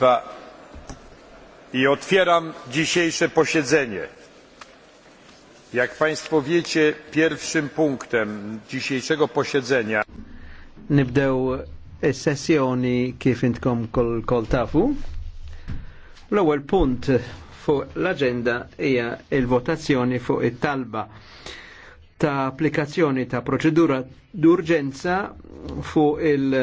Państwa i otwieram dzisiejsze posiedzenie. Jak Państwo wiecie, pierwszym punktem dzisiejszego posiedzenia Nibdew is-sessjoni kif intkom kol, kol tafu. L-ewwel punt fuq l-aġenda hija l votazzjoni fuq it-talba ta' applikazzjoni ta' proċedura d'urġenza fuq il-